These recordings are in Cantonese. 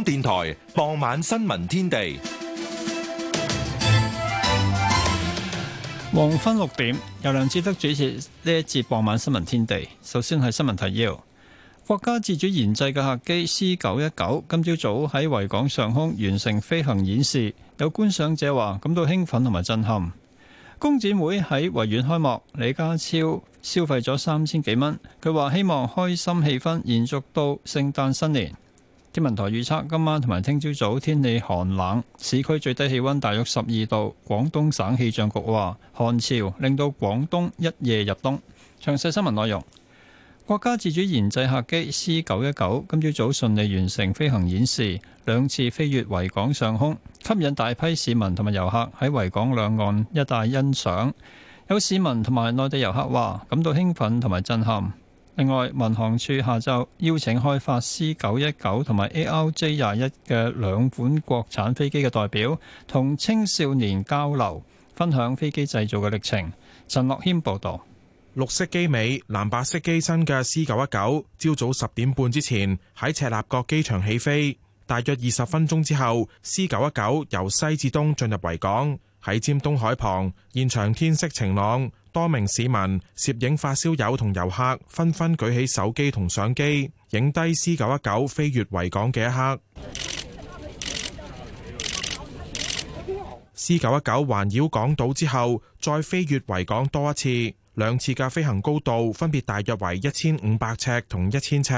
香港電台傍晚新聞天地，黃昏六點由梁志德主持呢一節傍晚新聞天地。首先係新聞提要：國家自主研製嘅客機 C 九一九今朝早喺維港上空完成飛行演示，有觀賞者話感到興奮同埋震撼。工展會喺維園開幕，李家超消費咗三千幾蚊，佢話希望開心氣氛延續到聖誕新年。天文台預測今晚同埋聽朝早天氣寒冷，市區最低氣温大約十二度。廣東省氣象局話寒潮令到廣東一夜入冬。詳細新聞內容，國家自主研製客機 C 九一九今朝早順利完成飛行演示，兩次飛越維港上空，吸引大批市民同埋遊客喺維港兩岸一帶欣賞。有市民同埋內地遊客話感到興奮同埋震撼。另外，民航處下晝邀請開發 C 九一九同埋 ARJ 廿一嘅兩款國產飛機嘅代表，同青少年交流，分享飛機製造嘅歷程。陳樂軒報導。綠色機尾、藍白色機身嘅 C 九一九，朝早十點半之前喺赤鱲角機場起飛，大約二十分鐘之後，C 九一九由西至東進入維港，喺尖東海旁，現場天色晴朗。多名市民、攝影發燒友同遊客紛紛舉起手機同相機，影低 C919 飛越維港嘅一刻。C919 環繞港島之後，再飛越維港多一次，兩次嘅飛行高度分別大約為一千五百尺同一千尺。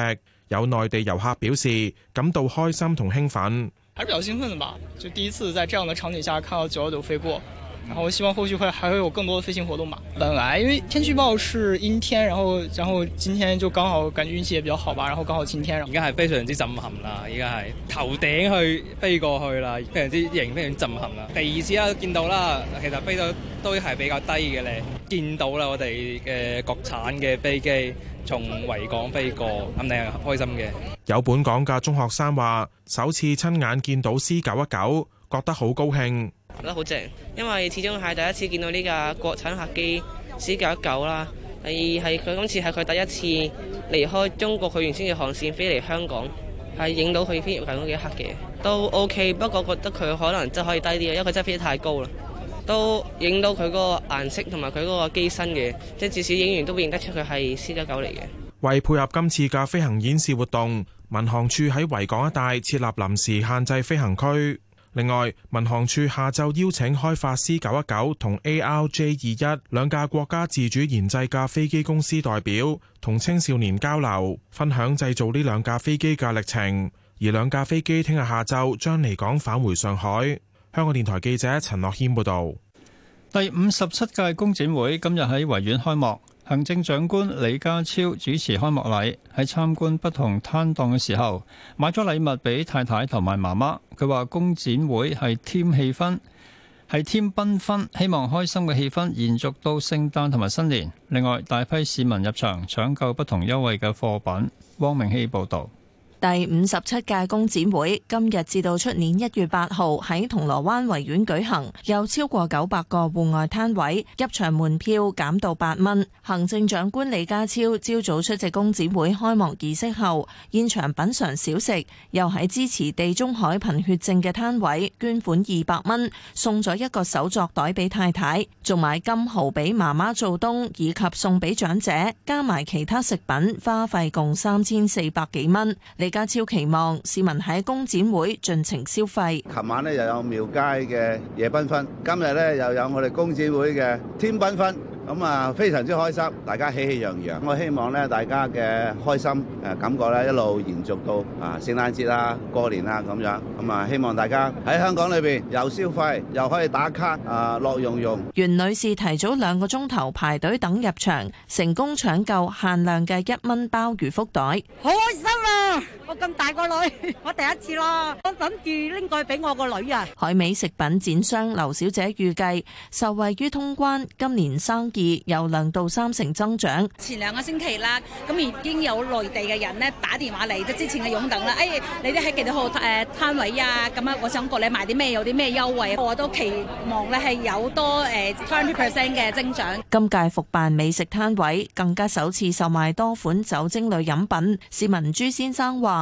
有內地遊客表示感到開心同興奮，還是比較興奮的吧，就第一次在這樣的場景下看到九幺九飛過。然後我希望後續會還會有更多嘅飛行活動嘛。本來因為天氣預報是陰天，然後然後今天就剛好感覺運氣也比較好吧，然後剛好晴天。而家係非常之震撼啦，而家係頭頂去飛過去啦，非常之型，非常震撼啦。第二次啦，啊，見到啦，其實飛到都係比較低嘅咧。見到啦，我哋嘅國產嘅飛機從維港飛過，肯定係開心嘅。有本港嘅中學生話，首次親眼見到 C 九一九，覺得好高興。覺得好正，因為始終係第一次見到呢架國產客機 C919 啦。99，第二係佢今次係佢第一次離開中國佢原先嘅航線飛嚟香港，係影到佢飛入緊嗰幾刻嘅，都 OK。不過覺得佢可能真係可以低啲，因為佢真係飛得太高啦。都影到佢嗰個顏色同埋佢嗰個機身嘅，即係至少影完都會認得出佢係 C919 嚟嘅。為配合今次嘅飛行演示活動，民航處喺維港一帶設立臨時限制飛行區。另外，民航處下晝邀請開發 C 九一九同 A R J 二一兩架國家自主研製架飛機公司代表，同青少年交流，分享製造呢兩架飛機嘅歷程。而兩架飛機聽日下晝將離港返回上海。香港電台記者陳樂軒報導。第五十七屆工展會今日喺維園開幕。行政長官李家超主持開幕禮，喺參觀不同攤檔嘅時候，買咗禮物俾太太同埋媽媽。佢話工展會係添氣氛，係添繽紛，希望開心嘅氣氛延續到聖誕同埋新年。另外，大批市民入場搶購不同優惠嘅貨品。汪明希報道。第五十七屆工展會今日至到出年一月八號喺銅鑼灣維園舉行，有超過九百個戶外攤位，入場門票減到八蚊。行政長官李家超朝早出席工展會開幕儀式後，現場品嘗小食，又喺支持地中海貧血症嘅攤位捐款二百蚊，送咗一個手作袋俾太太，仲買金蠔俾媽媽做冬，以及送俾長者，加埋其他食品花費共三千四百幾蚊。家超期望市民喺公展會盡情消費。琴晚呢又有廟街嘅夜繽紛，今日呢又有我哋公展會嘅天繽紛，咁啊非常之開心，大家喜氣洋洋。我希望呢大家嘅開心誒感覺呢一路延續到啊聖誕節啦過年啦咁樣，咁啊希望大家喺香港裏邊又消費又可以打卡啊樂融融。袁女士提早兩個鐘頭排隊等入場，成功搶購限量嘅一蚊鮑魚福袋，好開心啊！咁大個女，我第一次咯，我等住拎過去俾我個女啊！海味食品展商劉小姐預計受惠於通關，今年生意有兩到三成增長。前兩個星期啦，咁已經有內地嘅人呢打電話嚟，即係之前嘅擁等啦。哎，你哋喺幾多號誒攤位啊？咁樣我想過你賣啲咩，有啲咩優惠？我都期望咧係有多誒 twenty percent 嘅增長。今屆復辦美食攤位，更加首次售賣多款酒精類飲品。市民朱先生話。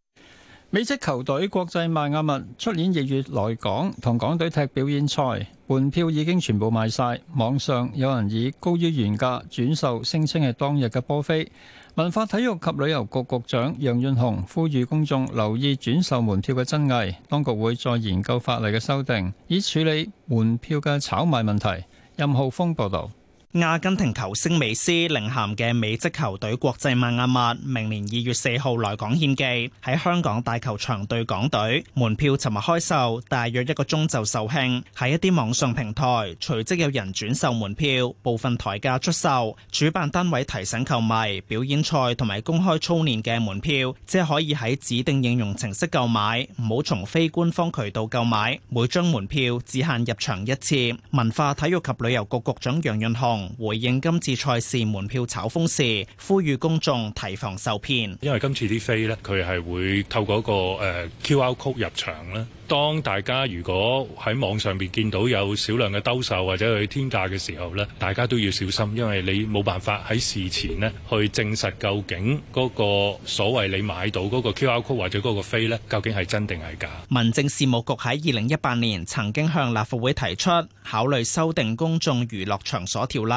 美職球隊國際邁阿密出年二月來港同港隊踢表演賽門票已經全部賣晒，網上有人以高於原價轉售，聲稱係當日嘅波飛。文化體育及旅遊局局,局長楊潤雄呼籲公眾留意轉售門票嘅真偽，當局會再研究法例嘅修訂，以處理門票嘅炒賣問題。任浩峰報道。阿根廷球星美斯領銜嘅美職球隊國際邁阿密明年二月四號來港獻技，喺香港大球場對港隊。門票尋日開售，大約一個鐘就售罄。喺一啲網上平台，隨即有人轉售門票，部分抬價出售。主辦單位提醒球迷，表演賽同埋公開操練嘅門票，只可以喺指定應用程式購買，唔好從非官方渠道購買。每張門票只限入場一次。文化體育及旅遊局局長楊潤雄。回應今次賽事門票炒風時，呼籲公眾提防受騙。因為今次啲飛咧，佢係會透過個誒 Q R code 入場啦。當大家如果喺網上面見到有少量嘅兜售或者去天價嘅時候咧，大家都要小心，因為你冇辦法喺事前咧去證實究竟個所謂你買到個 Q R code 或者個飛咧，究竟係真定係假？民政事務局喺二零一八年曾經向立法會提出考慮修訂《公眾娛樂場所條例》，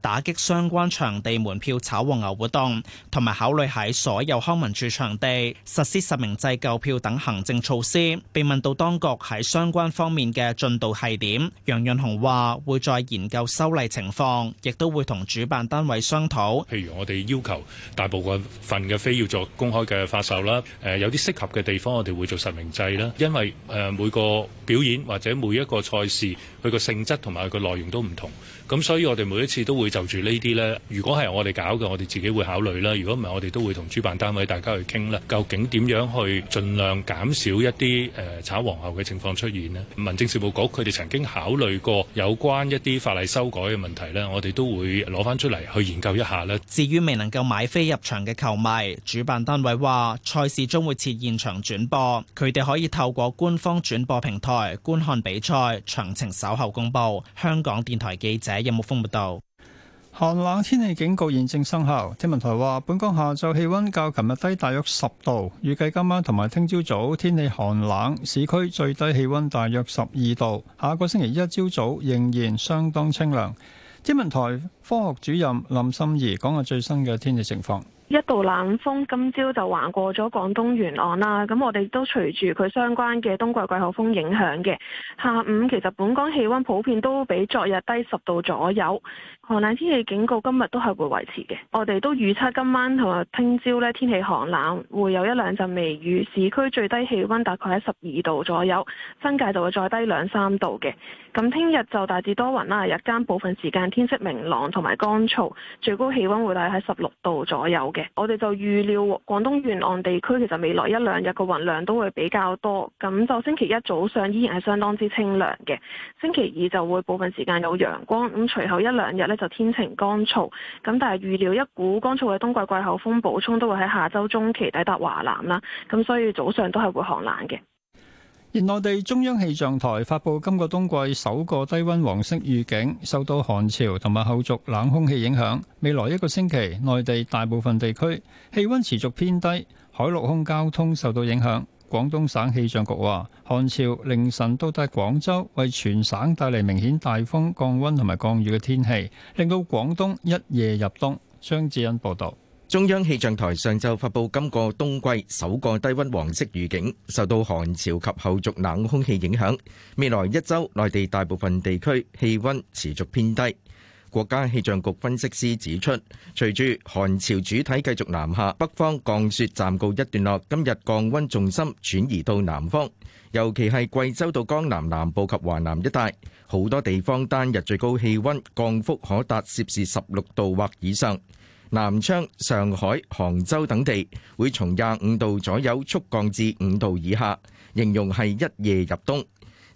打擊相關場地門票炒黃牛活動，同埋考慮喺所有康文署場地實施實名制購票等行政措施。被問到。當局喺相關方面嘅進度係點？楊潤雄話會再研究修例情況，亦都會同主辦單位商討。譬如我哋要求大部分嘅飛要做公開嘅發售啦，誒有啲適合嘅地方我哋會做實名制啦。因為誒每個表演或者每一個賽事，佢個性質同埋佢個內容都唔同，咁所以我哋每一次都會就住呢啲呢。如果係我哋搞嘅，我哋自己會考慮啦；如果唔係，我哋都會同主辦單位大家去傾啦。究竟點樣去盡量減少一啲誒炒皇后嘅情況出現咧，民政事務局佢哋曾經考慮過有關一啲法例修改嘅問題呢，我哋都會攞翻出嚟去研究一下咧。至於未能夠買飛入場嘅球迷，主辦單位話賽事將會設現場轉播，佢哋可以透過官方轉播平台觀看比賽，詳情稍後公布。香港電台記者任木峰報道。寒冷天氣警告現正生效。天文台話，本港下晝氣溫較琴日低大約十度。預計今晚同埋聽朝早天氣寒冷，市區最低氣溫大約十二度。下個星期一朝早仍然相當清涼。天文台科學主任林心儀講下最新嘅天氣情況。一道冷鋒今朝就橫過咗廣東沿岸啦，咁我哋都隨住佢相關嘅冬季季候風影響嘅。下午其實本港氣溫普遍都比昨日低十度左右。寒冷天氣警告，今日都係會維持嘅。我哋都預測今晚同埋聽朝呢天氣寒冷，會有一兩陣微雨。市區最低氣温大概喺十二度左右，新界就會再低兩三度嘅。咁聽日就大致多雲啦，日間部分時間天色明朗同埋乾燥，最高氣温會大概喺十六度左右嘅。我哋就預料廣東沿岸地區其實未來一兩日個雲量都會比較多，咁就星期一早上依然係相當之清涼嘅。星期二就會部分時間有陽光，咁隨後一兩日呢。就天晴乾燥，咁但係預料一股乾燥嘅冬季季候風補充都會喺下周中期抵達華南啦，咁所以早上都係會寒冷嘅。而內地中央氣象台發佈今個冬季首個低溫黃色預警，受到寒潮同埋後續冷空氣影響，未來一個星期內地大部分地區氣溫持續偏低，海陸空交通受到影響。廣東省氣象局話，寒潮凌晨到達廣州，為全省帶嚟明顯大風、降温同埋降雨嘅天氣，令到廣東一夜入冬。張智恩報道，中央氣象台上晝發布今個冬季首個低温黃色預警，受到寒潮及後續冷空氣影響，未來一周內地大部分地區氣温持續偏低。國家氣象局分析師指出，隨住寒潮主體繼續南下，北方降雪暫告一段落。今日降温重心轉移到南方，尤其係貴州到江南南部及華南一帶，好多地方單日最高氣温降幅可達攝氏十六度或以上。南昌、上海、杭州等地會從廿五度左右速降至五度以下，形容係一夜入冬。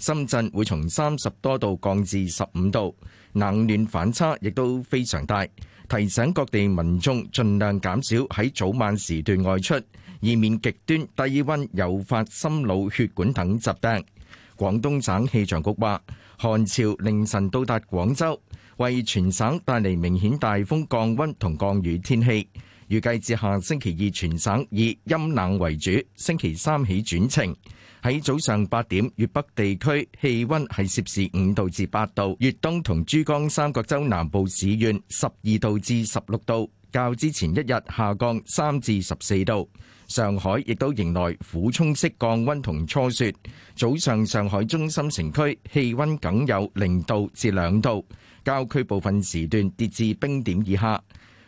深圳會從三十多度降至十五度，冷暖反差亦都非常大，提醒各地民眾盡量減少喺早晚時段外出，以免極端低温誘發心腦血管等疾病。廣東省氣象局話，寒潮凌晨到達廣州，為全省帶嚟明顯大風、降温同降雨天氣，預計至下星期二全省以陰冷為主，星期三起轉晴。喺早上八點，粵北地區氣温係攝氏五度至八度，粵東同珠江三角洲南部市縣十二度至十六度，較之前一日下降三至十四度。上海亦都迎來俯衝式降温同初雪。早上上海中心城區氣温僅有零度至兩度，郊區部分時段跌至冰點以下。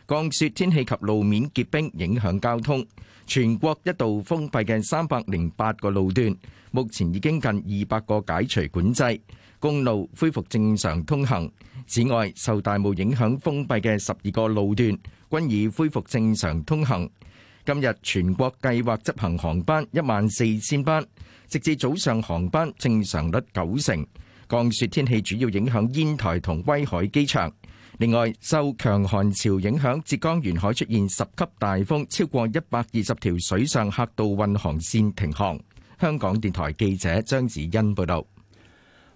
降雪、天氣及路面結冰影響交通，全國一度封閉嘅三百零八個路段，目前已經近二百個解除管制，公路恢復正常通行。此外，受大霧影響封閉嘅十二個路段，均已恢復正常通行。今日全國計劃執行航班一萬四千班，直至早上航班正常率九成。降雪天氣主要影響煙台同威海機場。另外，受強寒潮影響，浙江沿海出現十級大風，超過一百二十條水上客渡運航線停航。香港電台記者張子欣報道。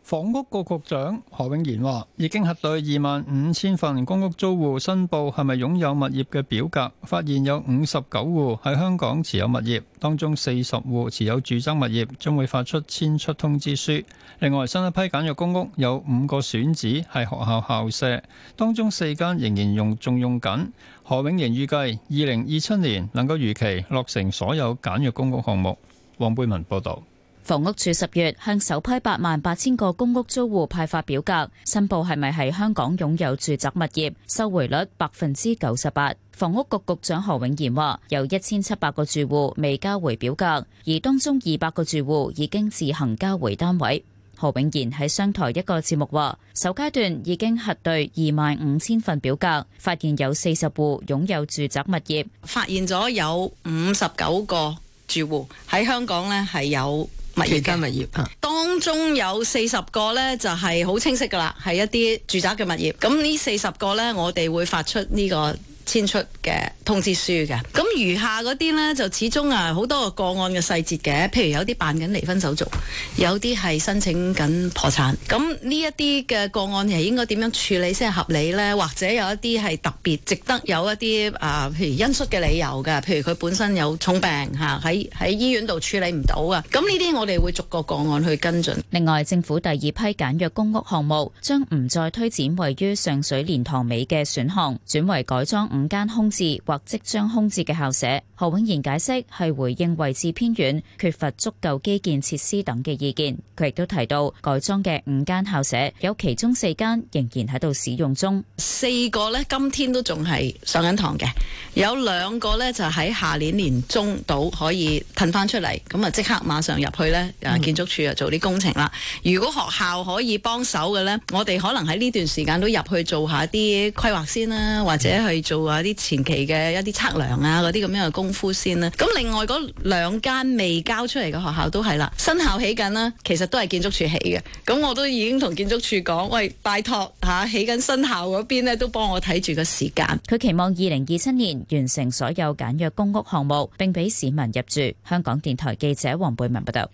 房屋局局長何永賢話，已經核對二萬五千份公屋租戶申報係咪擁有物業嘅表格，發現有五十九戶喺香港持有物業，當中四十戶持有住宅物業，將會發出遷出通知書。另外，新一批簡約公屋有五個選址係學校校舍，當中四間仍然用仲用緊。何永賢預計二零二七年能夠如期落成所有簡約公屋項目。黃貝文報道。房屋署十月向首批八萬八千個公屋租戶派發表格，申報係咪喺香港擁有住宅物業，收回率百分之九十八。房屋局局長何永賢話：有一千七百個住戶未交回表格，而當中二百個住戶已經自行交回單位。何永賢喺商台一個節目話：首階段已經核對二萬五千份表格，發現有四十戶擁有住宅物業，發現咗有五十九個住戶喺香港呢係有其他物業啊，當中有四十個咧，就係好清晰噶啦，係一啲住宅嘅物業。咁呢四十個咧，我哋會發出呢個遷出嘅通知書嘅，咁餘下嗰啲咧，就始終啊，好多個案嘅細節嘅，譬如有啲辦緊離婚手續，有啲係申請緊破產，咁呢一啲嘅個案係應該點樣處理先係合理咧？或者有一啲係特別值得有一啲啊，譬如恩恤嘅理由嘅，譬如佢本身有重病吓，喺喺醫院度處理唔到啊，咁呢啲我哋會逐個個案去跟進。另外，政府第二批簡約公屋項目將唔再推展，位於上水蓮塘尾嘅選項，轉為改裝五間空置或即將空置嘅校舍。何永賢解釋係回應位置偏遠、缺乏足夠基建設施等嘅意見。佢亦都提到，改裝嘅五間校舍有其中四間仍然喺度使用中。四個呢，今天都仲係上緊堂嘅。有兩個呢就喺下年年中到可以褪翻出嚟，咁啊即刻馬上入去呢，建築署啊做啲工程啦。如果學校可以幫手嘅呢，我哋可能喺呢段時間都入去做下啲規劃先啦、啊，或者去做下啲前期嘅一啲測量啊嗰啲咁樣嘅工。先啦，咁另外嗰兩間未交出嚟嘅學校都係啦，新校起緊啦，其實都係建築署起嘅，咁我都已經同建築署講，喂，拜託吓，起緊新校嗰邊呢，都幫我睇住個時間。佢期望二零二七年完成所有簡約公屋項目，並俾市民入住。香港電台記者黃貝文報道。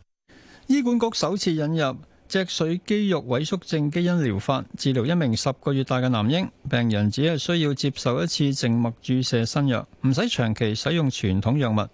醫管局首次引入。脊髓肌肉萎縮症基因療法治療一名十個月大嘅男嬰，病人只係需要接受一次靜脈注射新藥，唔使長期使用傳統藥物。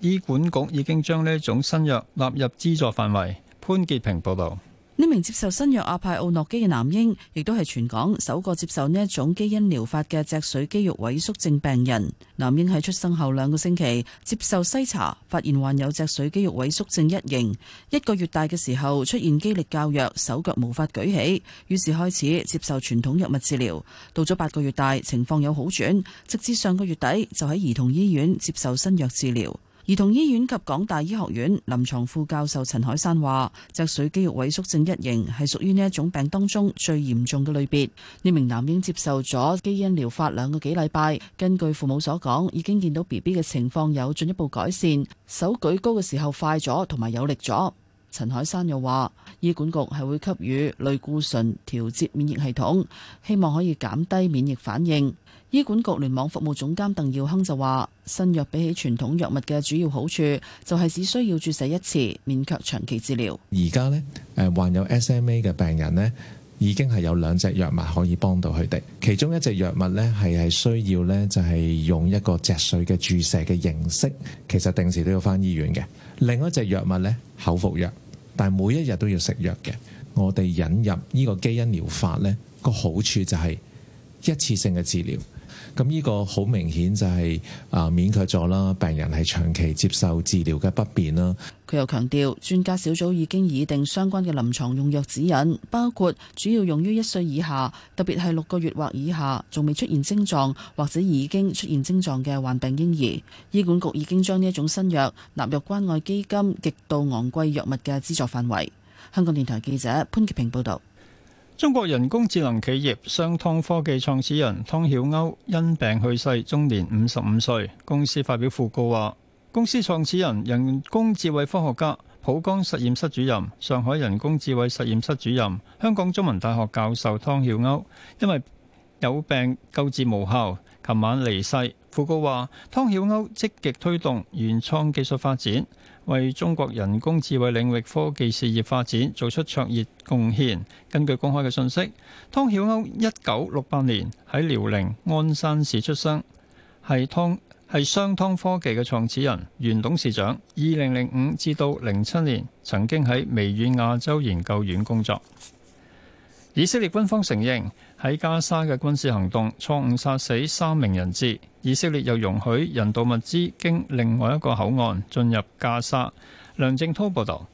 醫管局已經將呢一種新藥納入資助範圍。潘潔平報導。呢名接受新藥阿派奧諾基嘅男嬰，亦都係全港首個接受呢一種基因療法嘅脊髓肌肉萎縮症病人。男嬰喺出生後兩個星期接受篩查，發現患有脊髓肌肉萎縮症一型。一個月大嘅時候出現肌力較弱，手腳無法舉起，於是開始接受傳統藥物治療。到咗八個月大，情況有好轉，直至上個月底就喺兒童醫院接受新藥治療。兒童醫院及港大醫學院臨床副教授陳海山話：脊髓肌肉萎縮症一型係屬於呢一種病當中最嚴重嘅類別。呢名男嬰接受咗基因療法兩個幾禮拜，根據父母所講，已經見到 BB 嘅情況有進一步改善，手舉高嘅時候快咗同埋有力咗。陳海山又話：醫管局係會給予類固醇調節免疫系統，希望可以減低免疫反應。醫管局聯網服務總監鄧耀亨就話：新藥比起傳統藥物嘅主要好處就係、是、只需要注射一次，免卻長期治療。而家咧，誒患有 SMA 嘅病人咧，已經係有兩隻藥物可以幫到佢哋。其中一隻藥物咧係係需要咧就係、是、用一個脊髓嘅注射嘅形式，其實定時都要返醫院嘅。另一隻藥物咧口服藥，但係每一日都要食藥嘅。我哋引入呢個基因療法咧個好處就係一次性嘅治療。咁呢個好明顯就係啊，免卻咗啦，病人係長期接受治療嘅不便啦。佢又強調，專家小組已經擬定相關嘅臨床用藥指引，包括主要用於一歲以下，特別係六個月或以下，仲未出現症狀或者已經出現症狀嘅患病嬰兒。醫管局已經將呢一種新藥納入關愛基金極度昂貴藥物嘅資助範圍。香港電台記者潘潔平報道。中國人工智能企業商湯科技創始人湯曉鷗因病去世，終年五十五歲。公司發表訃告話：公司創始人、人工智慧科學家、浦江實驗室主任、上海人工智慧實驗室主任、香港中文大學教授湯曉鷗，因為。有病救治無效，琴晚離世。訃告話湯曉歐積極推動原創技術發展，為中國人工智慧領域科技事業發展做出卓越貢獻。根據公開嘅信息，湯曉歐一九六八年喺遼寧鞍山市出生，係湯，係商湯科技嘅創始人、原董事長。二零零五至到零七年，曾經喺微軟亞洲研究院工作。以色列軍方承認。喺加沙嘅軍事行動錯誤殺死三名人質，以色列又容許人道物資經另外一個口岸進入加沙。梁正濤報道。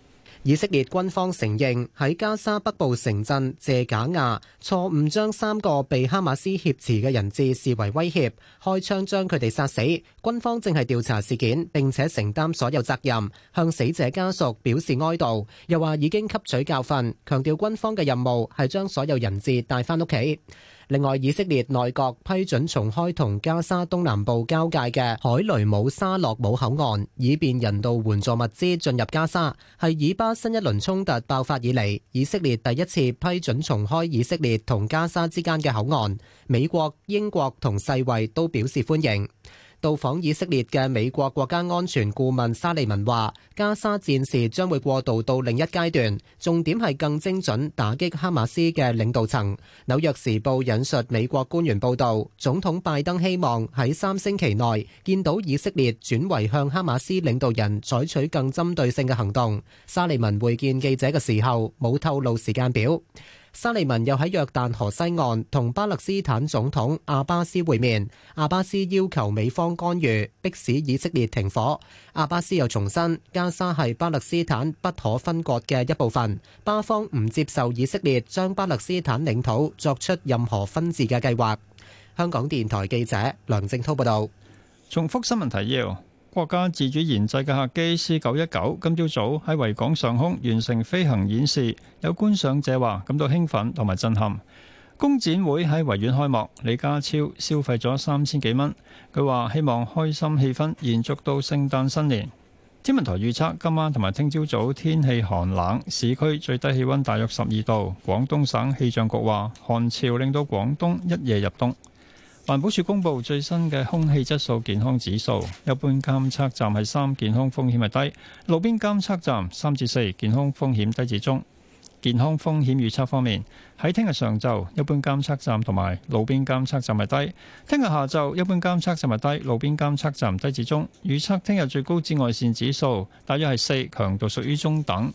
以色列軍方承認喺加沙北部城鎮謝賈亞錯誤將三個被哈馬斯挾持嘅人質視為威脅，開槍將佢哋殺死。軍方正係調查事件，並且承擔所有責任，向死者家屬表示哀悼。又話已經吸取教訓，強調軍方嘅任務係將所有人質帶翻屋企。另外，以色列內閣批准重開同加沙東南部交界嘅海雷姆沙洛姆口岸，以便人道援助物資進入加沙，係以巴新一輪衝突爆發以嚟，以色列第一次批准重開以色列同加沙之間嘅口岸。美國、英國同世衛都表示歡迎。到訪以色列嘅美國國家安全顧問沙利文話，加沙戰事將會過渡到另一階段，重點係更精準打擊哈馬斯嘅領導層。紐約時報引述美國官員報道，總統拜登希望喺三星期內見到以色列轉為向哈馬斯領導人採取更針對性嘅行動。沙利文會見記者嘅時候冇透露時間表。沙利文又喺約旦河西岸同巴勒斯坦總統阿巴斯會面，阿巴斯要求美方干預，迫使以色列停火。阿巴斯又重申，加沙係巴勒斯坦不可分割嘅一部分，巴方唔接受以色列將巴勒斯坦領土作出任何分治嘅計劃。香港電台記者梁正滔報導。重複新聞提要。國家自主研製嘅客機 C919 今朝早喺維港上空完成飛行演示，有觀賞者話感到興奮同埋震撼。工展會喺維園開幕，李家超消費咗三千幾蚊，佢話希望開心氣氛延續到聖誕新年。天文台預測今晚同埋聽朝早天氣寒冷，市區最低氣溫大約十二度。廣東省氣象局話寒潮令到廣東一夜入冬。環保署公布最新嘅空氣質素健康指數，一般監測站係三，健康風險係低；路邊監測站三至四，健康風險低至中。健康風險預測方面，喺聽日上晝，一般監測站同埋路邊監測站係低；聽日下晝，一般監測站係低，路邊監測站低至中。預測聽日最高紫外線指數大約係四，強度屬於中等。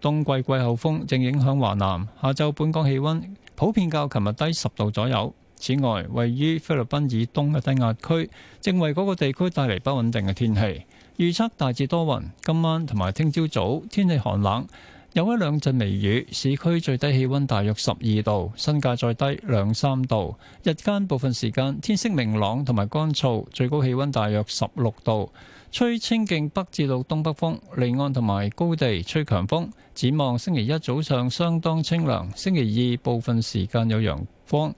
冬季季候風正影響華南，下晝本港氣溫普遍較琴日低十度左右。此外，位於菲律賓以東嘅低壓區正為嗰個地區帶嚟不穩定嘅天氣。預測大致多雲，今晚同埋聽朝早天氣寒冷，有一兩陣微雨。市區最低氣温大約十二度，新界再低兩三度。日間部分時間天色明朗同埋乾燥，最高氣温大約十六度，吹清勁北至到東北風。離岸同埋高地吹強風。展望星期一早上相當清涼，星期二部分時間有陽光。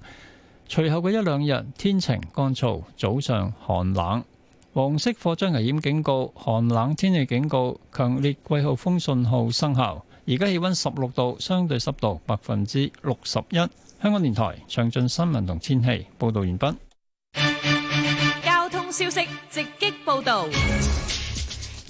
隨後嘅一兩日，天晴乾燥，早上寒冷。黃色火災危險警告，寒冷天氣警告，強烈季候風信號生效。而家氣温十六度，相對濕度百分之六十一。香港電台詳盡新聞同天氣報導完畢。交通消息直擊報導。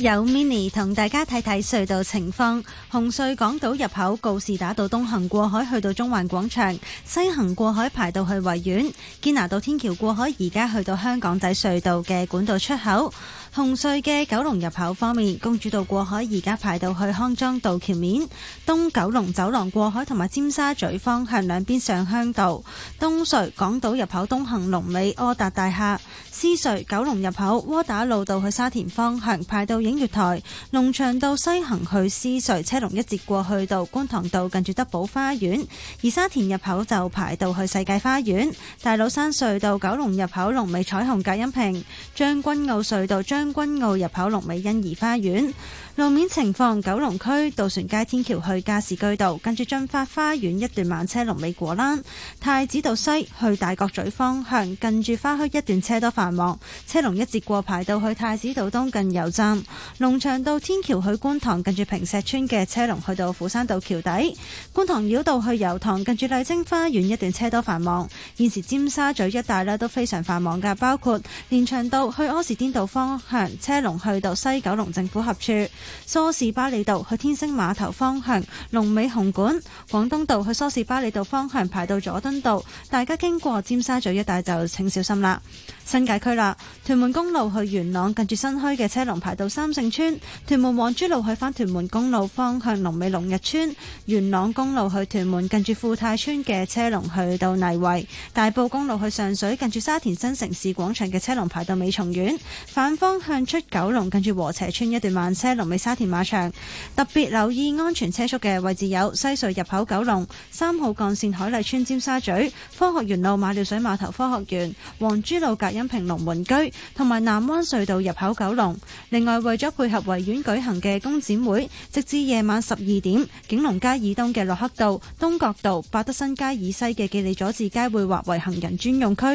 有 Mini 同大家睇睇隧道情況，紅隧港島入口告士打道東行過海去到中環廣場，西行過海排到去維園，堅拿道天橋過海而家去到香港仔隧道嘅管道出口。紅隧嘅九龍入口方面，公主道過海而家排到去康莊道橋面；東九龍走廊過海同埋尖沙咀方向兩邊上鄉道；東隧港島入口東行龍尾柯達大廈；獅隧九龍入口窩打老道去沙田方向排到映月台；龍翔道西行去獅隧車龍一節過去到觀塘道近住德寶花園；而沙田入口就排到去世界花園；大老山隧道九龍入口龍尾彩虹隔音屏；將軍澳隧道將將軍澳入口龍尾欣怡花園路面情況，九龍區渡船街天橋去加士居道近住駿發花園一段慢車龍尾果欄，太子道西去大角咀方向近住花墟一段車多繁忙，車龍一截過排到去太子道東近油站，龍翔道天橋去觀塘近住平石村嘅車龍去到虎山道橋底，觀塘繞道去油塘近住麗晶花園一段車多繁忙，現時尖沙咀一帶咧都非常繁忙噶，包括連翔道去柯士甸道方。車龍去到西九龍政府合處，梳士巴利道去天星碼頭方向，龍尾紅館，廣東道去梳士巴利道方向排到佐敦道，大家經過尖沙咀一帶就請小心啦。新界區啦，屯門公路去元朗近住新墟嘅車龍排到三聖村，屯門黃珠路去返屯門公路方向龍尾龍日村，元朗公路去屯門近住富泰村嘅車龍去到泥圍，大埔公路去上水近住沙田新城市廣場嘅車龍排到美松苑，反方。向出九龍近住和斜村一段慢車龍尾沙田馬場，特別留意安全車速嘅位置有西隧入口九龍、三號幹線海麗村尖沙咀、科學園路馬料水碼頭科學園、黃珠路隔音屏龍門居同埋南灣隧道入口九龍。另外為咗配合維園舉行嘅公展會，直至夜晚十二點，景隆街以東嘅洛克道、東角道、百德新街以西嘅記利佐治街會劃為行人專用區，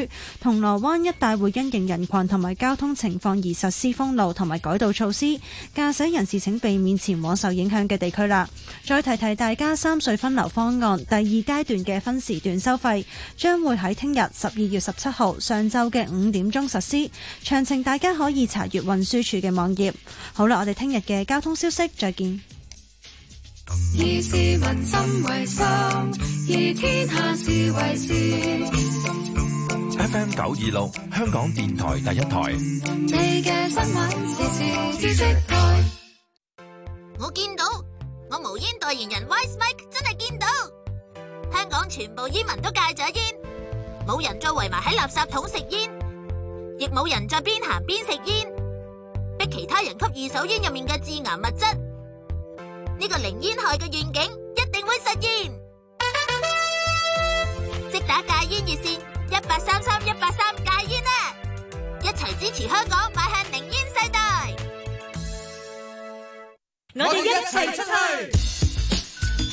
銅鑼灣一帶會因應人群同埋交通情況而實施。施封路同埋改道措施，駕駛人士請避免前往受影響嘅地區啦。再提提大家三隧分流方案第二階段嘅分時段收費，將會喺聽日十二月十七號上晝嘅五點鐘實施，詳情大家可以查閱運輸署嘅網頁。好啦，我哋聽日嘅交通消息再見。以市民心為心，以天下事為事。FM 九二六，香港電台第一台。你嘅新聞時時知識台，我見到我無煙代言人 Wise Mike 真係見到，香港全部煙民都戒咗煙，冇人再圍埋喺垃圾桶食煙，亦冇人再邊行邊食煙，逼其他人吸二手煙入面嘅致癌物質，呢個零煙害嘅願景一定會實現。一齊出去！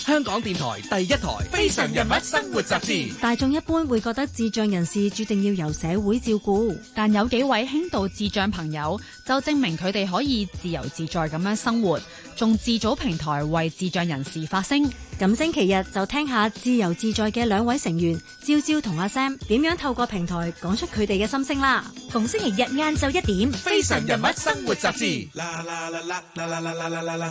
香港電台第一台《非常人物生活雜誌》。大眾一般會覺得智障人士注定要由社會照顧，但有幾位輕度智障朋友就證明佢哋可以自由自在咁樣生活，仲自組平台為智障人士發聲。咁星期日就聽下自由自在嘅兩位成員，朝朝同阿 Sam 點樣透過平台講出佢哋嘅心聲啦！逢星期日晏晝一點，《非常人物生活雜誌》啦。啦啦啦啦啦啦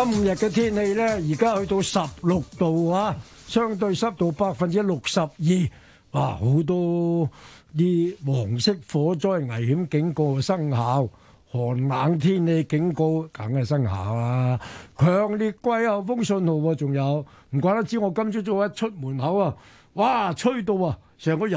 今日嘅天氣咧，而家去到十六度啊，相對濕度百分之六十二，哇！好多啲黃色火災危險警告生效，寒冷天氣警告梗係生效啊，強烈季候風訊號啊仲有，唔怪得之我今朝早一出門口啊，哇！吹到啊，成個人～